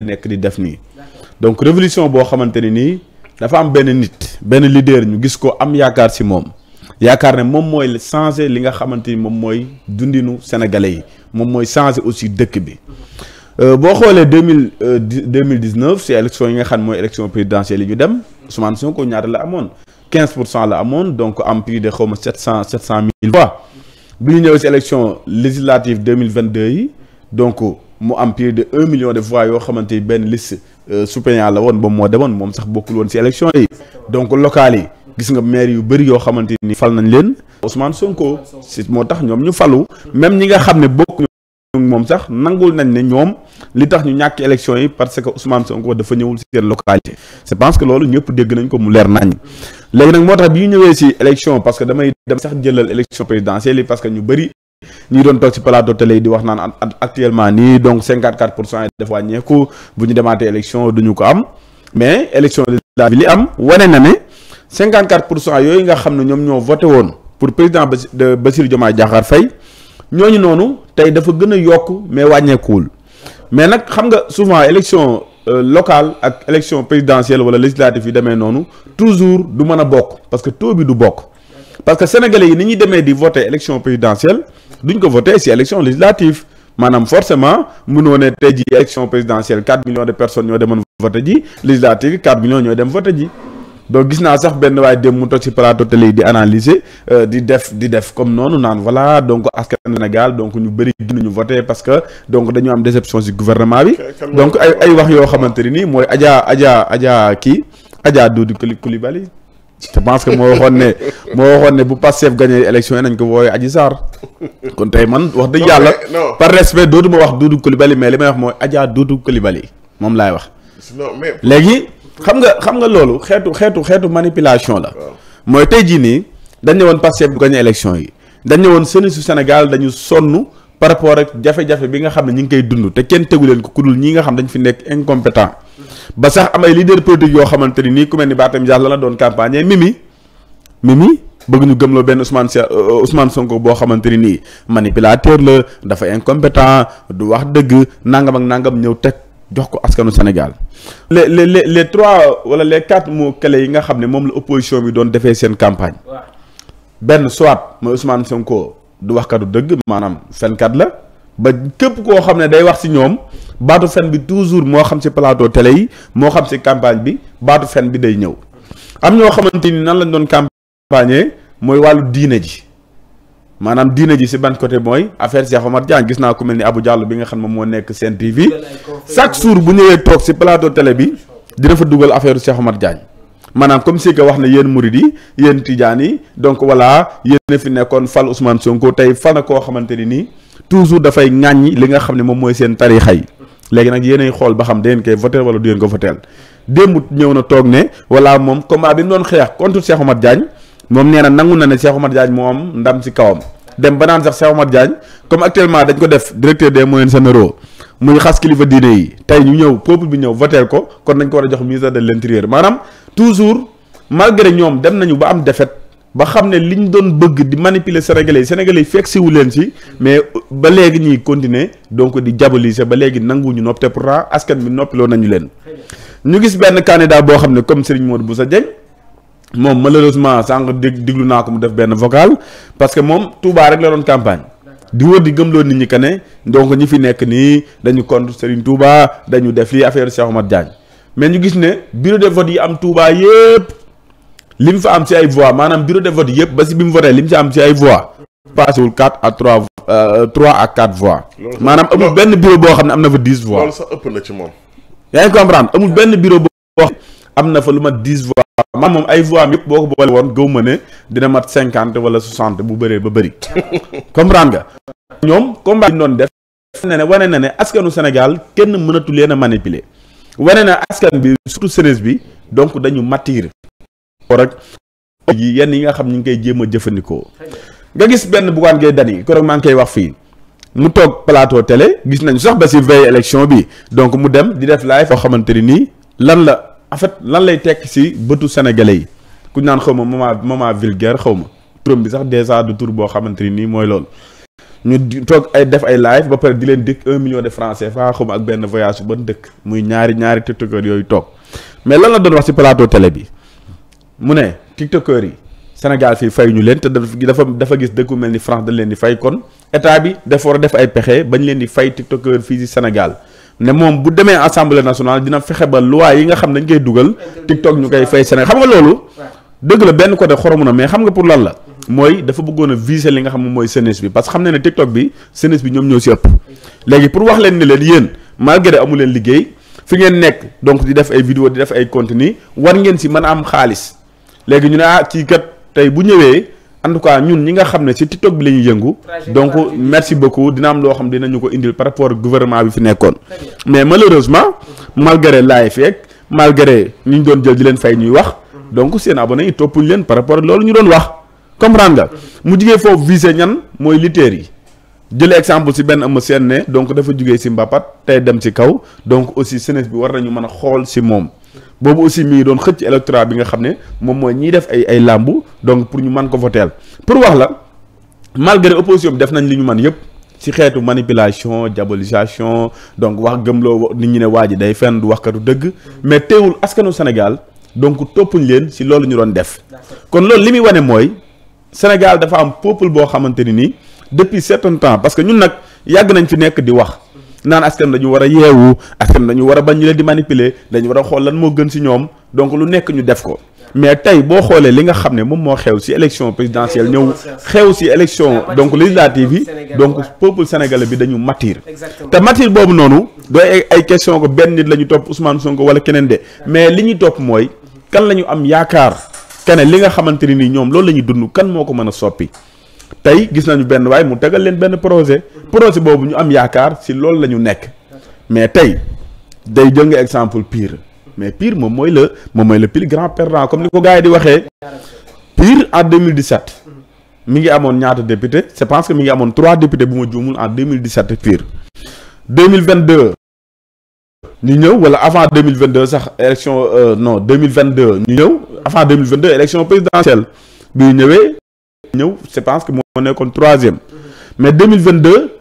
nekk di def nii donc révolution boo xamante ne nii dafa am benn nit benn leader ñu gis ko am yaakaar ci moom yaakaar ne moom mooy changé li nga xamante ni moom mooy dundinu sénégalais yi moom mooy changé aussi dëkk bi euh, boo xoolee deux mille euh, deux mille dix neuf ci élection yi nga xam mooy élection présidentielle yi ñu dem Ousmane Sonko ñaata la amoon quinze pour cent la amoon donc am plus de xaw ma sept cent sept cent mille voix bi ñu ñëwee ci élection législative deux mille vingt deux yi donc mu am plus de un million de voix yoo xamante ni benn liste euh, suppléant la woon ba moo demoon moom sax bokkul woon ci élection yi donc locales yi gis nga maire yu bëri yoo xamante ni fal nañ leen Ousmane Sonko si moo tax ñoom ñu falu même ñi nga xam ne bokk moom sax nangul nañ ne ñoom li tax ñu ñàkk élection yi parce que Ousmane Sonko dafa ñëwul ci seen localité je pense que loolu ñëpp dégg nañ ko mu leer nañ léegi nag moo tax bi ñu ñëwee ci que damay dem sax jëlal élection présidentielle que ñu bëri ñi doon toog ci plateau télé yi di wax naan actuellement nii donc 54 pour cent yi dafa wàññeeku bu ñu demaatee duñu ko am mais élection bi li am wane na ne 54 pour cent yooyu nga xam ne ñoom ñoo voté woon pour président de jomaa Diomaye Diakhar ñoo ñooñu noonu tey dafa gën a yokk mais wàññeekuwul mais nag xam nga souvent élection euh, locale ak élection présidentielle wala législative yi demee noonu toujours du mën a bokk parce que taux bi du bokk parce que sénégalais yi ni ñuy demee di voter élection présidentielle duñ ko voter si élection législative maanaam forcément mënoo ne tey ji élection présidentielle 4 millions de personnes ñoo demoon voter ji législative 4 millions dem voter ji donc gis naa sax benn waaye dem mu toog ci plateau télé yi di analyser euh, di def di def comme noonu naan voilà donc askan Sénégal donc ñu bëri ñu voté parce que donc dañu am déception ci gouvernement bi. donc ay ay wax yoo xamante nii mooy Adja Adja Adja kii Adja Doudou Coulibaly. je pense que moo waxoon ne moo waxoon ne bu Pastef gagné élection yi nañ ko woowee Adji Sarr kon tey man wax dëgg yàlla par respect dootu ma wax Doudou Coulibaly mais li may wax mooy Adja Doudou Coulibaly moom laay wax léegi xam nga xam nga loolu xeetu xeetu xeetu manipulation la mooy tey jii nii dañ ne woon Pastef bu gagné élection yi dañ ne woon seni su Sénégal dañu sonn par rapport ak jafe-jafe bi nga xam ne ñi ngi koy dund te kenn teguleen ko kudul ñi nga xam dañ fi nekk incompétent ba sax am ay leader politique yoo xamante ni nii ku mel ni Barthélémy Dias la la doon campagne Mimi Mimi bëgg ñu gëmloo benn Ousmane Sia euh, euh, Sonko boo xamante ni nii manipulateur la dafa incompétent du wax dëgg nangam ak nangam ñëw teg jox ko askanu Sénégal. le le le les trois wala les quatre mots clés yi nga xam ne moom la opposition bi doon defee seen campagne. benn soit mooy Ousmane Sonko du waxkatu dëgg maanaam fenkat la ba képp koo xam ne day wax si ñoom. baatu fen bi toujours moo xam ci plateau télé yi moo xam ci campagne bi baatu fen bi day ñëw am ñoo xamante ni nan lañ doon campagne mooy wàllu diine ji maanaam diine ji si ban côté mooy affaire Cheikh Omar Diagne gis naa ko mel ni abu jàll bi nga xam ne moo nekk seen TV chaque jour bu ñëwee toog ci plateau télé bi dina fa dugal affaire Cheikh Omar Diagne maanaam comme si que wax na yéen murid yi yéen tijaan yi donc voilà yéen fi nekkoon fal Ousmane Sonko tey fal koo xamante ni toujours dafay ŋàññi li nga xam ne moom mooy seen tarixa yi léegi nag yéenay xool ba xam da ngeen koy voté wala du ngeen ko voté démb ñëw na toog ne wala moom combat bi mu doon xeex contre Cheikh Omar Diagne moom nee na nangu na ne Cheikh Omar Diagne moom am ndam si kawam dem banaan naan sax Cheikh Omar Diagne comme actuellement dañ ko def directeur des moyens généraux muy xas kilifa diine yi tey ñu ñëw peuple bi ñëw voté ko kon nañ ko war a jox ministre de l' intérieur maanaam toujours malgré ñoom dem nañu ba am défaite. ba xam ne liñ doon bëgg di manipuler sénégalais yi sénégalais yi fekk siwu leen si mais ba léegi ñuy continuer donc di diaboliser ba léegi ñu nopp te pourtant askan bi noppiloo nañu leen ñu gis benn candidat boo xam ne comme Serigne bu sa Dieng moom malheureusement sànq dég diglu naa ko mu def benn vocal parce que moom Touba rek la doon campagne di wër di gëmloo nit ñi que ne donc ñi fi nekk nii dañu contre Serigne Touba dañu def lii affaire Cheikh Omar Diagne li mu fa am ci ay voix maanaam bureau de vote yëpp ba ci bi mu voté li mu am ci ay voix paasewul quatre à trois euh, trois à quatre voix. maanaam amul benn bureau boo xam ne am na fa dix voix. loolu na ci moom. yaa ngi comprendre amul benn bureau boo xam am na fa lu mat dix voix. maanaam moom ay voix am yëpp boo ko boole woon gëw ma ne dina mat cinquante wala soixante bu bëree ba bëri. comprend nga. ñoom combat bi ñu doon def. na ne wane na ne askanu Sénégal kenn mënatul leen a manipuler. wane na askan bi surtout sénégalais bi donc dañu matir rek yi yenn yi nga xam ñu ngi koy jéem a jëfandikoo nga gis benn Bougane Gueye Dany keroog maa ngi koy wax fii mu toog plateau tele gis nañ sax ba si veille élection bi donc mu dem di def live foo xamante ni nii lan la en fait lan lay tekk si bëtu senegale yi ku naan xaw ma moment moment vulgaire xaw ma turam bi sax dèjà du tur boo xamante ni nii mooy loolu ñu toog ay def ay live ba pare di leen dëkk un million de francs CFA xaw ma ak benn voyage ban dëkk muy ñaari ñaari tiktokeur yooyu toog mais lan la doon wax si plateau télé bi mu ne tiktokeur yi Sénégal fii fay ñu leen te dafa dafa gis dëkku mel ni France dañ leen di fay kon état bi dafa war a def ay pexe bañ leen di fay tiktokeur fii si Sénégal ne moom bu demee assemblée nationale dina fexe ba loi yi nga xam dañ koy dugal tiktok ñu koy fay Sénégal xam nga loolu. dëgg la benn côté xorom na mais xam nga pour lan la. mooy dafa bëggoon a li nga xam mooy jeunesse bi parce que xam na ne tiktok bi jeunesse bi ñoom ñoo si ëpp. léegi pour wax ni leen yéen malgré amu leen liggéey fi ngeen nekk donc di def ay vidéo di def ay contenu war ngeen si mën a am xaalis. léegi ñu ne ah kii kat tey bu ñëwee en tout cas ñun ñi nga xam ne ci TikTok bi la ñuy yëngu. donc merci beaucoup dina am loo xam dinañu ko indil par rapport gouvernement bi fi nekkoon. mais malheureusement. malgré laay feeg malgré ñi ñu doon jël di leen fay ñuy wax. donc seen abonné yi toppuñ leen par rapport loolu ñu doon wax. comprendre nga mu jugee foofu visé ñan mooy lutteurs yi jël exemple si benn am seen ne donc dafa jugee si mbapat tey dem si kaw donc aussi jeunesse bi war nañu mën a xool si moom. boobu aussi mi ngi doon xëcc électorat bi nga xam ne moom mooy ñiy def ay ay làmbu donc pour ñu man ko teel pour wax la malgré opposition bi def nañ li ñu mën yëpp ci xeetu manipulation diabolisation donc wax gëmloo nit ñi ne waa ji day fenn du waxkatu dëgg mais teewul askanu Sénégal donc toppuñ leen si loolu ñu doon def kon loolu li muy wane mooy Sénégal dafa am peuple boo xamante ni nii depuis certain temps parce que ñun nag yàgg nañ fi nekk di wax naan askan dañu war a yeewu askan dañu war a bañ ñu leen di manipuler dañu war a xool lan moo gën si ñoom donc lu nekk ñu def ko mais tey boo xoolee li nga xam ne moom moo xew si élection présidentielle ñëw xew si élection donc législative yi donc peuple sénégalais bi dañu matir te matir boobu noonu doo ay question ko benn nit la ñu topp Ousmane songo wala keneen de mais li ñuy topp mooy kan la ñu am yaakaar kene li nga xamante ni nii ñoom loolu la ñuy dund kan moo ko mën a soppi tey gis nañu benn waaye mu tegal leen benn projet projet boobu ñu am yaakaar si loolu la ñu nekk mais tey day jël nga exemple piir mais Pire moom mooy la moom mooy le plus grand perdant comme ni ko gars yi di waxee Pire en 2017 mi ngi amoon ñaata député je pense que mi ngi amoon trois députés bu ma juumul en mille Pire 2022 ñu ñëw wala avant mille 2022 sax élection euh, non 2022 ñu ñëw avant 2022 élection présidentielle bi ñëwee ñëw je pense que moo nekkoon troisième mais 2022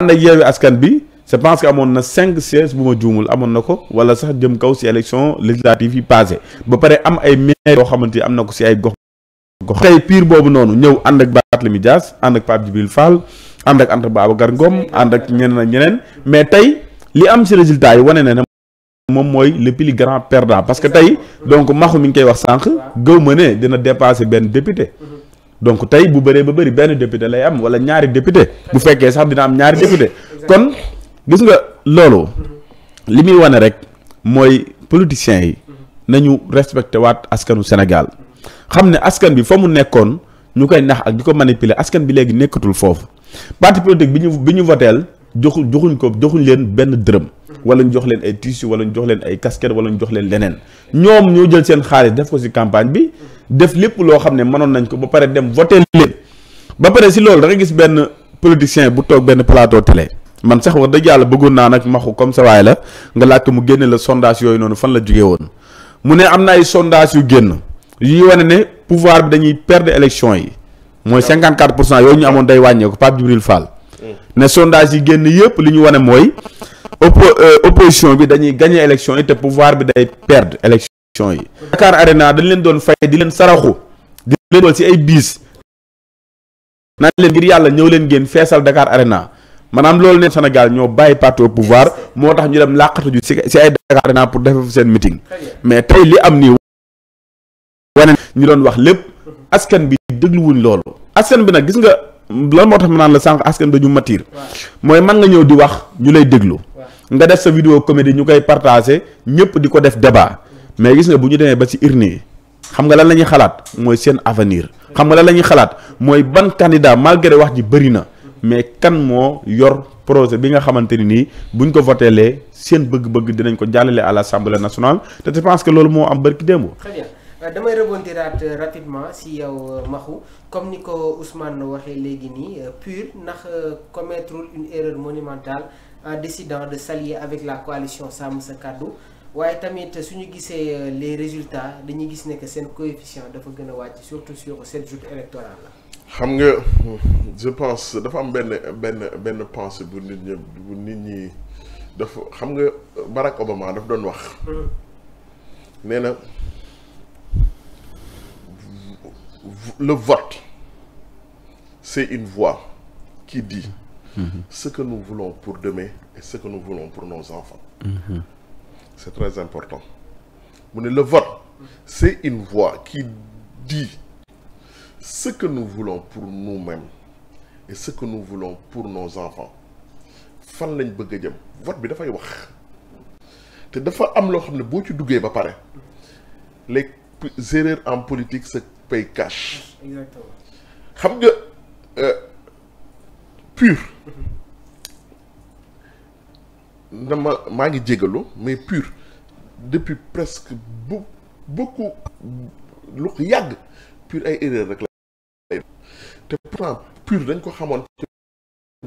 ànd ak yeewi askan bi je pense que amoon na cinq sièges bu ma juumul amoon na ko wala sax jëm kaw si élection législative yi passé ba pare am ay maire yoo xamante ni am na ko si ay gox gox tey pire boobu noonu ñëw ànd ak Barthélémy Dias ànd ak Pape Djibril Fall ànd ak Anta Babacar Ngom ànd ak ñeneen ak ñeneen mais tey li am si résultat yi wane na ne moom mooy le plus grand perdant parce que tey donc maxu mi ngi koy wax sànq gëw ma ne dina dépasé benn député donc tey bu bëree ba bëri benn député lay am wala ñaari député bu fekkee sax dina am ñaari député kon gis nga loolu li muy wane rek mooy politiciens yi nañu respecté waat askanu Sénégal xam ne askan bi fa mu nekkoon ñu koy nax ak di ko manipuler askan bi léegi nekkatul foofu parti politique bi ñu bi ñu voteel joxu joxuñ ko joxuñ leen benn dërëm wala ñu jox leen ay tissu wala ñu jox leen ay casquette wala ñu jox leen leneen ñoom ñoo jël seen xaalis def ko ci campagne bi def lépp loo xam ne mënoon nañ ko ba pare dem voté leen ba pare si loolu dangay gis benn politicien bu toog benn plateau télé man sax wax dëgg yàlla bëggoon naa nag maxu comme sa waay la nga laaj mu génne la sondage yooyu noonu fan la jógee woon mu ne am na ay sondage yu génn yuy wane ne pouvoir dañuy perdre élection yi mooy 54 pour cent yooyu ñu amoon day wàññeeku Pape Djibril Fall ne sondage yi génn yëpp li ñu wane mooy euh, opposition bi dañuy gagné élection yi te pouvoir bi day perdre élection yi. Dakar Arena dañ leen doon fay di leen saraxu di leen dool ci ay biis naan leen ngir yàlla ñëw leen ngeen feesal Dakar Arena maanaam loolu ne senegal ñoo bàyyi parti au pouvoir moo tax ñu dem làqatu ju ci ay Dakar Arena pour defee seen miting mais tey li am nii wane ñu doon wax lépp askan bi dégluwuñ loolu askan bi nag gis nga. lan moo tax ma naan la sànq askan dañu matir mooy man nga ñëw di wax ñu lay déglu nga def sa vidéo comédie ñu koy partagé ñëpp di ko def débat mais gis nga bu ñu demee ba ci urne yi xam nga lan la ñuy xalaat mooy seen avenir xam nga lan la ñuy xalaat mooy ban candidat malgré wax ji bëri na mais kan moo yor projet bi nga xamante ni nii buñ ko voteelee seen bëgg-bëgg dinañ ko jàllale à l'Assemblée nationale te je que loolu moo am bërki démb Euh, damay rebondiraat euh, rapidement si yow euh, Maxu comme ni ko Ousmane waxee léegi nii PUR ndax commettre une erreur monumentale en décidant de s'allier avec la coalition Sàmm Sa Kàddu waaye tamit suñu gisee les résultats dañu gis ne que seen coefficient dafa gën a wàcc surtout sur cette joute électorale la xam nga je pense dafa am benn benn benn pensée bu nit ñi bu nit ñi dafa xam nga Barack Obama daf doon wax hmm. nee le vote c'est une voix qui dit ce que nous pour demain et ce que nous voulons pour nos c'est très important mu ne le vote c'est une voix qui dit ce que nous voulons pour nous-mêmes et ce que nous voulons pour nos enfants fan lañ bëgg a jëm vote bi dafay wax te dafa am loo xam ne boo ci duggee ba pare les erreurs en politique c'est paye cash. xam nga euh, pur. dama maa ngi jégalu mais pur depuis presque bu beaucoup lu yàgg pur ay erreur rek la. te pourtant pur dañ ko xamoon ci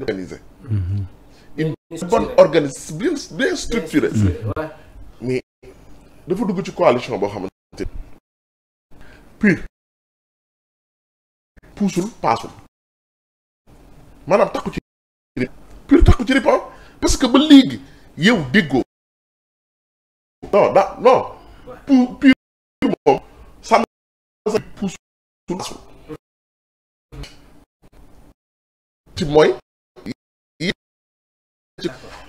organiser. Mm-hmm. une bonne organis mais dafa dugg ci coalition boo xamante pur. puusul paasul maanaam takku ci rip takku ci rip parce que ba léegi yow déggoo non da non pour pur moom sànn ci mooy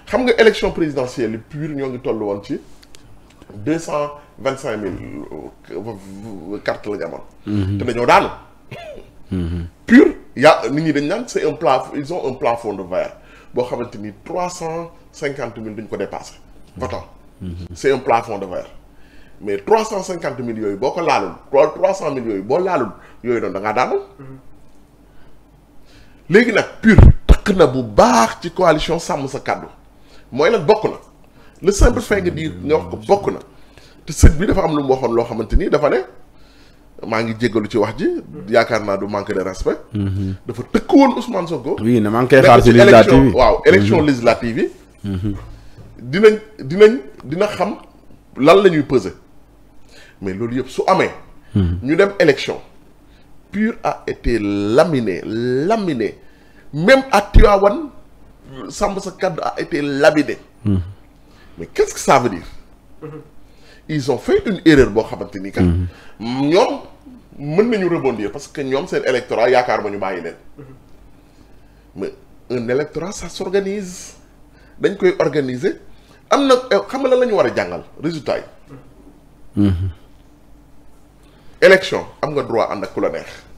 xam nga élection présidentielle pur ñoo ngi toll woon ci deux cent vingt cinq mille cartes la ñu mhm. te dañoo daanu pur y a nit ñi dañ naan c'est un plafond ils un plafond de verre boo xamante ni trois cent cinquante mille duñ ko dépassé votant mm-hmm. mm-hmm. c'est un plafond de verre mais trois cent cinquante mille yooyu boo ko laalul trois cent mille yooyu boo laalul yooyu noonu da ngaa daanal mm-hmm. léegi nag pur takk na bu baax ci coalition sàmm sa kàddu mooy nag bokk na le simple fait nga di nga wax ko bokk na te sët bii dafa am lu mu loo xamante ni dafa ne maa ngi jéggalu ci wax ji yaakaar naa du manque de respect. Mhm. dafa tëkk woon Ousmane Sonko. oui ne maa ngi koy xaar ci waaw mhm. élection législative yi. Mhm. dinañ dinañ dina xam lan la ñuy peser mais loolu yëpp su amee. ñu dem élection. PUR a été lamine lamine même à Tivaouane Sàmm Sa Kàddu a été laminé. mais qu'est-ce que ça veut ils ont fait une erreur boo xamante ni kat. ñoom. mën nañu rebondir parce que ñoom seen électorat yaakaar ma ñu bàyyi leen mais un électorat dañ koy organiser am na eh, xam nga lan la ñu war a jàngal résultat yi mm-hmm. élection am nga droit ànd ak